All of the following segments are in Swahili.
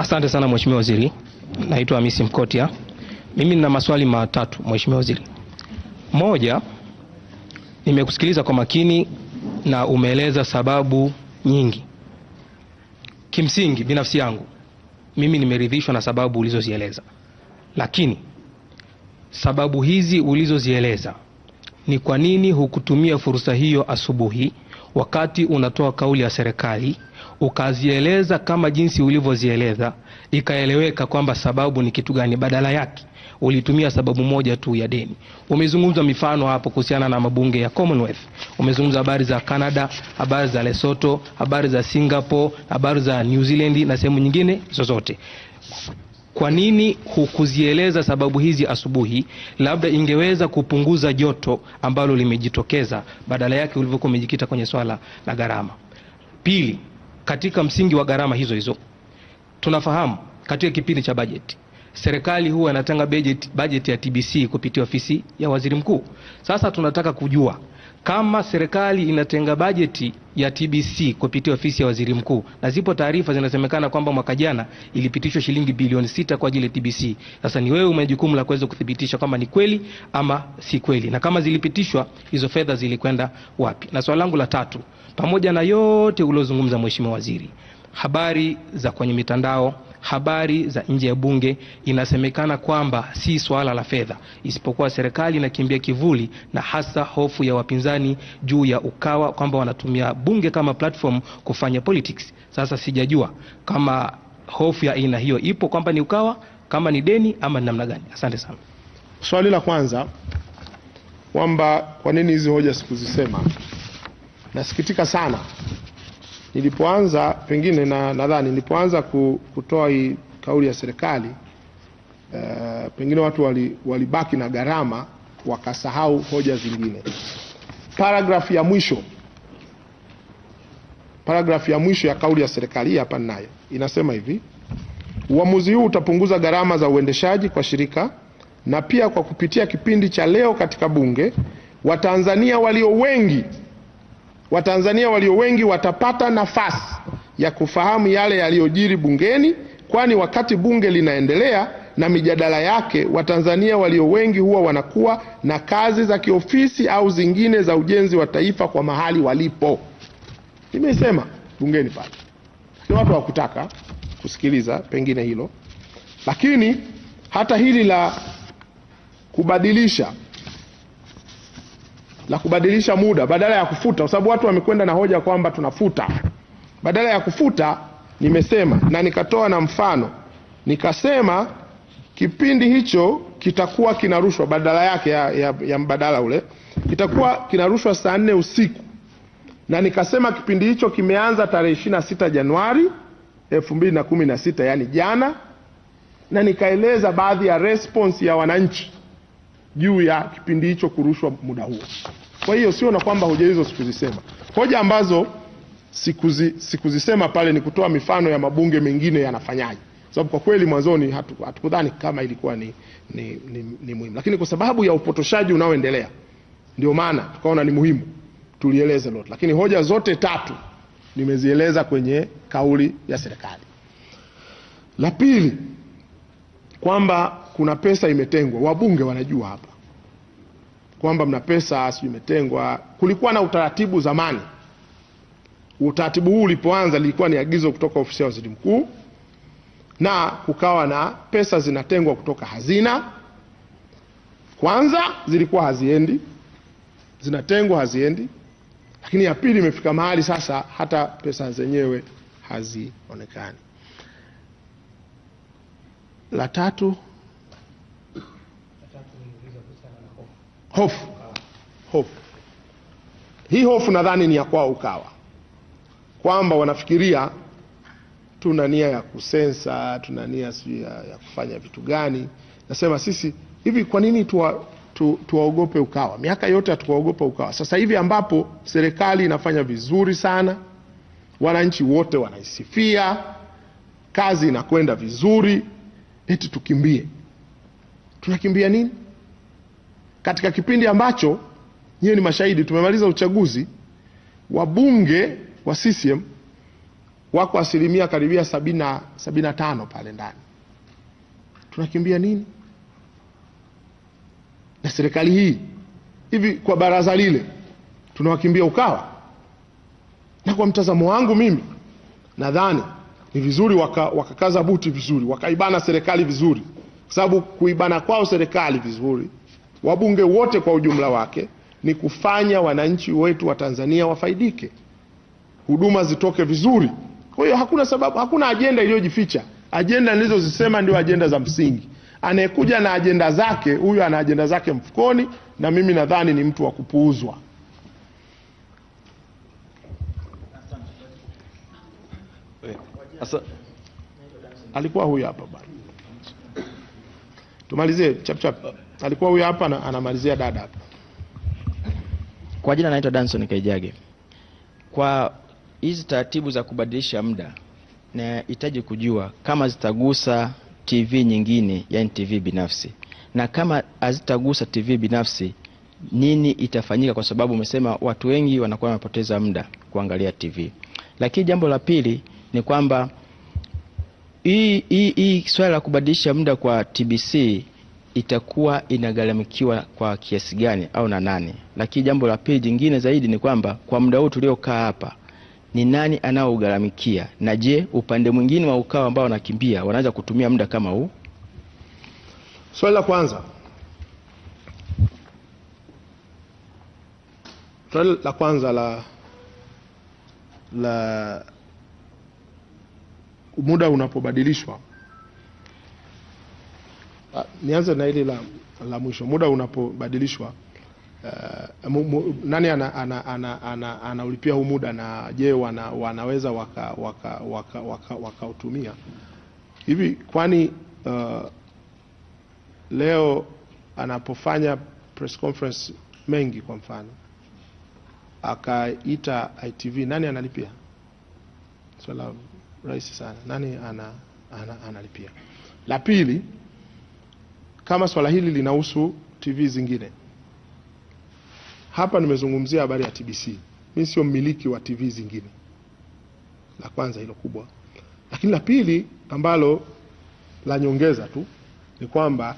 Asante sana Mheshimiwa Waziri, naitwa Hamisi Mkotia. Mimi nina maswali matatu Mheshimiwa Waziri. Moja, nimekusikiliza kwa makini na umeeleza sababu nyingi. Kimsingi binafsi yangu mimi nimeridhishwa na sababu ulizozieleza, lakini sababu hizi ulizozieleza, ni kwa nini hukutumia fursa hiyo asubuhi wakati unatoa kauli ya serikali ukazieleza kama jinsi ulivyozieleza, ikaeleweka kwamba sababu ni kitu gani, badala yake ulitumia sababu moja tu ya deni. Umezungumza mifano hapo kuhusiana na mabunge ya Commonwealth, umezungumza habari za Canada, habari za Lesotho, habari za Singapore, habari za New Zealand na sehemu nyingine zozote. Kwa nini hukuzieleza sababu hizi asubuhi? Labda ingeweza kupunguza joto ambalo limejitokeza, badala yake ulivyokuwa umejikita kwenye swala la gharama. Pili, katika msingi wa gharama hizo hizo. Tunafahamu katika kipindi cha bajeti serikali huwa inatanga bajeti ya TBC kupitia ofisi ya waziri mkuu. Sasa tunataka kujua kama serikali inatenga bajeti ya TBC kupitia ofisi ya waziri mkuu, na zipo taarifa zinasemekana kwamba mwaka jana ilipitishwa shilingi bilioni sita kwa ajili ya TBC. Sasa ni wewe ume jukumu la kuweza kuthibitisha kwamba ni kweli ama si kweli, na kama zilipitishwa hizo fedha zilikwenda wapi? Na swali langu la tatu, pamoja na yote uliozungumza, Mheshimiwa Waziri, habari za kwenye mitandao habari za nje ya bunge, inasemekana kwamba si swala la fedha, isipokuwa serikali inakimbia kivuli na hasa hofu ya wapinzani juu ya Ukawa kwamba wanatumia bunge kama platform kufanya politics. Sasa sijajua kama hofu ya aina hiyo ipo kwamba ni Ukawa, kama ni deni ama ni namna gani? Asante sana. Swali la kwanza kwamba kwa nini hizi hoja sikuzisema, nasikitika sana Nilipoanza pengine na nadhani nilipoanza kutoa hii kauli ya serikali uh, pengine watu walibaki wali na gharama wakasahau hoja zingine. Paragrafu ya mwisho, paragrafu ya mwisho ya kauli ya serikali hapa ninayo, inasema hivi: uamuzi huu utapunguza gharama za uendeshaji kwa shirika na pia kwa kupitia kipindi cha leo katika Bunge, Watanzania walio wengi Watanzania walio wengi watapata nafasi ya kufahamu yale yaliyojiri bungeni, kwani wakati bunge linaendelea na mijadala yake, Watanzania walio wengi huwa wanakuwa na kazi za kiofisi au zingine za ujenzi wa taifa kwa mahali walipo. Nimesema bungeni pale, ni watu hawakutaka kusikiliza pengine hilo, lakini hata hili la kubadilisha la kubadilisha muda badala ya kufuta, kwa sababu watu wamekwenda na hoja kwamba tunafuta. Badala ya kufuta, nimesema na nikatoa na mfano nikasema kipindi hicho kitakuwa kinarushwa badala yake ya, ya, ya mbadala ule kitakuwa kinarushwa saa nne usiku, na nikasema kipindi hicho kimeanza tarehe ishirini na sita Januari elfu mbili na kumi na sita yani jana, na nikaeleza baadhi ya response ya wananchi juu ya kipindi hicho kurushwa muda huo. Kwa hiyo sio na kwamba hoja hizo sikuzisema. Hoja ambazo sikuzi, sikuzisema pale ni kutoa mifano ya mabunge mengine yanafanyaje, sababu kwa kweli mwanzoni hatukudhani hatu kama ilikuwa ni, ni, ni, ni muhimu, lakini kwa sababu ya upotoshaji unaoendelea ndio maana tukaona ni muhimu tulieleze lote, lakini hoja zote tatu nimezieleza kwenye kauli ya serikali. La pili kwamba kuna pesa imetengwa, wabunge wanajua hapa kwamba mna pesa sijui imetengwa. Kulikuwa na utaratibu zamani. Utaratibu huu ulipoanza, lilikuwa ni agizo kutoka ofisi ya waziri mkuu, na kukawa na pesa zinatengwa kutoka hazina. Kwanza zilikuwa haziendi, zinatengwa haziendi, lakini ya pili imefika mahali sasa hata pesa zenyewe hazionekani. La tatu hofu hofu. Hii hofu nadhani ni ya kwao Ukawa, kwamba wanafikiria tuna nia ya kusensa, tuna nia sijui ya, ya kufanya vitu gani. Nasema sisi hivi, kwa nini tuwa, tu, tuwaogope Ukawa? Miaka yote hatukuwaogopa Ukawa. Sasa hivi ambapo serikali inafanya vizuri sana, wananchi wote wanaisifia, kazi inakwenda vizuri, eti tukimbie? Tunakimbia nini? katika kipindi ambacho nyiwe ni mashahidi, tumemaliza uchaguzi, wabunge wa CCM wako asilimia karibia sabina, sabina tano pale ndani. Tunakimbia nini? Na serikali hii hivi, kwa baraza lile tunawakimbia Ukawa? Na kwa mtazamo wangu mimi nadhani ni vizuri waka, wakakaza buti vizuri, wakaibana serikali vizuri, kwa sababu kuibana kwao serikali vizuri wabunge wote kwa ujumla wake ni kufanya wananchi wetu wa Tanzania wafaidike, huduma zitoke vizuri. Kwa hiyo hakuna sababu, hakuna ajenda iliyojificha. Ajenda nilizozisema ndio ajenda za msingi. Anayekuja na ajenda zake, huyu ana ajenda zake mfukoni, na mimi nadhani ni mtu wa kupuuzwa. Asa, alikuwa huyu hapa bwana, tumalizie chap chap alikuwa huyo hapa anamalizia dada hapa. Kwa jina naitwa Danson Kaijage. Kwa hizi taratibu za kubadilisha muda, nahitaji kujua kama zitagusa TV nyingine, yani TV binafsi, na kama hazitagusa TV binafsi, nini itafanyika? Kwa sababu umesema watu wengi wanakuwa wamepoteza muda kuangalia TV. Lakini jambo la pili ni kwamba hii swala la kubadilisha muda kwa TBC itakuwa inagharamikiwa kwa kiasi gani au na nani. Lakini jambo la pili jingine zaidi ni kwamba kwa muda huu tuliokaa hapa ni nani anaogharamikia, na je, upande mwingine wa ukao ambao wanakimbia wanaweza kutumia muda kama huu? Swali la kwanza, swali la kwanza la la muda unapobadilishwa nianze na hili la, la mwisho. Muda unapobadilishwa uh, nani anaulipia ana, ana, ana, ana huu muda na je, wana, wanaweza wakautumia waka, waka, waka, waka hivi? Kwani uh, leo anapofanya press conference mengi kwa mfano akaita ITV, nani analipia? Swala rahisi sana, nani ana, ana, analipia? La pili kama swala hili linahusu TV zingine. Hapa nimezungumzia habari ya TBC. Mimi sio mmiliki wa TV zingine, la kwanza hilo kubwa. Lakini la pili ambalo la nyongeza tu ni kwamba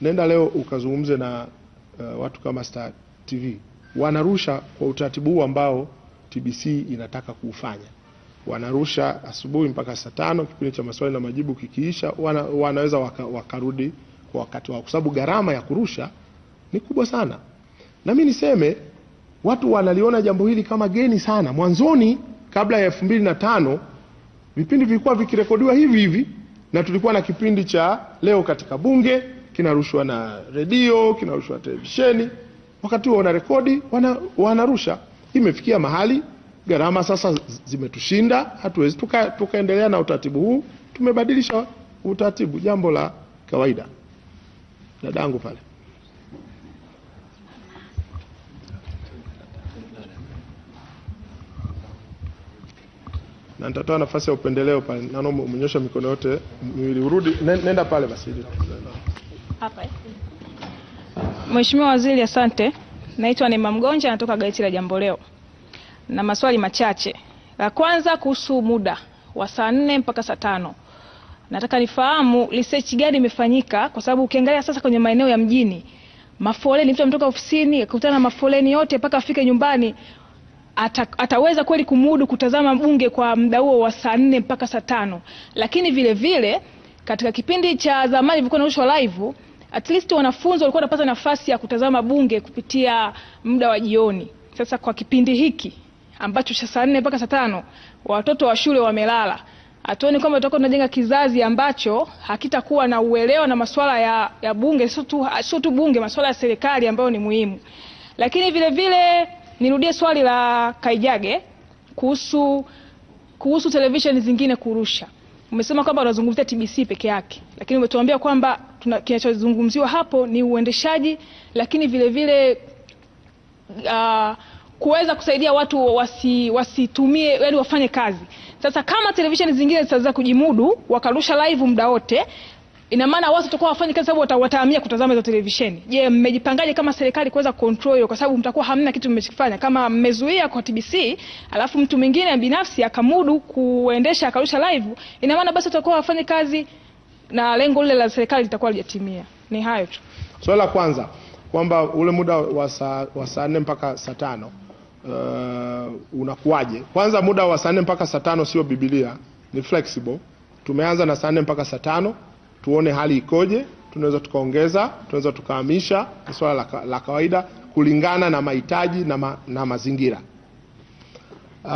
nenda leo ukazungumze na uh, watu kama Star TV wanarusha kwa utaratibu huu ambao TBC inataka kuufanya wanarusha asubuhi mpaka saa tano, kipindi cha maswali na majibu kikiisha, wana, wanaweza wakarudi kwa wakati wao, kwa sababu gharama ya kurusha ni kubwa sana. Na mimi niseme watu wanaliona jambo hili kama geni sana. Mwanzoni, kabla ya elfu mbili na tano vipindi vilikuwa vikirekodiwa hivi hivi, na tulikuwa na kipindi cha leo katika Bunge kinarushwa na redio, kinarushwa na televisheni, wakati huo wanarekodi, wanarusha. Imefikia mahali gharama sasa zimetushinda, hatuwezi tukaendelea tuka na utaratibu huu, tumebadilisha utaratibu, jambo la kawaida dadangu pale na nitatoa nafasi ya upendeleo pale, naona umenyosha mikono yote miwili. Urudi, nenda pale basi. Hapa Mheshimiwa Waziri, asante. Naitwa nema Mgonja, natoka gazeti la Jambo Leo na maswali machache. La kwanza kuhusu muda wa saa nne mpaka saa tano nataka nifahamu research gani imefanyika, kwa sababu ukiangalia sasa kwenye maeneo ya mjini mafoleni, mtu ametoka ofisini akakutana na mafoleni yote mpaka afike nyumbani ata, ataweza kweli kumudu kutazama bunge kwa muda huo wa saa nne mpaka saa tano Lakini vile vile katika kipindi cha zamani vilikuwa narushwa live, at least wanafunzi walikuwa wanapata nafasi ya kutazama bunge kupitia muda wa jioni. Sasa kwa kipindi hiki ambacho cha saa nne mpaka saa tano watoto wa shule wamelala hatuoni kwamba tutakuwa tunajenga kizazi ambacho hakitakuwa na uelewa na masuala ya, ya bunge, sio tu bunge, masuala ya serikali ambayo ni muhimu. Lakini vile vile nirudie swali la Kaijage kuhusu, kuhusu televisheni zingine kurusha. Umesema kwamba unazungumzia TBC peke yake, lakini umetuambia kwamba kinachozungumziwa hapo ni uendeshaji, lakini vile vile uh, kuweza kusaidia watu wasi, wasitumie, yani wafanye kazi sasa kama televisheni zingine zitaweza kujimudu wakarusha live muda wote, ina maana watu watakuwa wafanye kazi sababu watahamia kutazama hizo televisheni. Je, mmejipangaje kama serikali kuweza control hiyo, kwa sababu mtakuwa hamna kitu mmekifanya. Kama mmezuia kwa TBC alafu mtu mwingine binafsi akamudu kuendesha akarusha live, ina maana basi watakuwa wafanye kazi na lengo lile la serikali litakuwa lijatimia. Ni hayo tu. Swala so, la kwanza kwamba ule muda wa saa nne mpaka saa tano uh, unakuwaje. Kwanza muda wa saa nne mpaka saa tano sio Biblia, ni flexible. Tumeanza na saa nne mpaka saa tano, tuone hali ikoje, tunaweza tukaongeza, tunaweza tukahamisha. Ni swala la kawaida kulingana na mahitaji na, ma, na mazingira. Uh,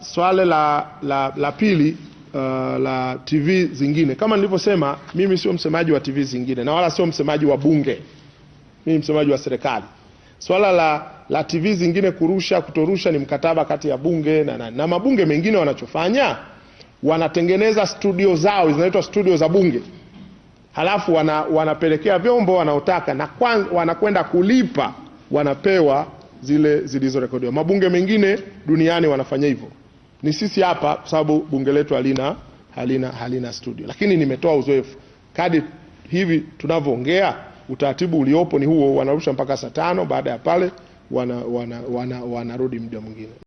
swala la, la, la pili uh, la TV zingine, kama nilivyosema, mimi sio msemaji wa TV zingine na wala sio msemaji wa bunge, mimi msemaji wa serikali. Swala la la TV zingine kurusha kutorusha ni mkataba kati ya bunge na, na, na mabunge mengine wanachofanya wanatengeneza studio zao zinaitwa studio za bunge, halafu wana, wanapelekea vyombo wanaotaka na kwan, wanakwenda kulipa wanapewa zile zilizorekodiwa. Mabunge mengine duniani wanafanya hivyo, ni sisi hapa, kwa sababu bunge letu halina, halina, halina studio. Lakini nimetoa uzoefu, kadi hivi tunavyoongea, utaratibu uliopo ni huo, wanarusha mpaka saa tano. Baada ya pale wanarudi wana, wana, wana mda mwingine.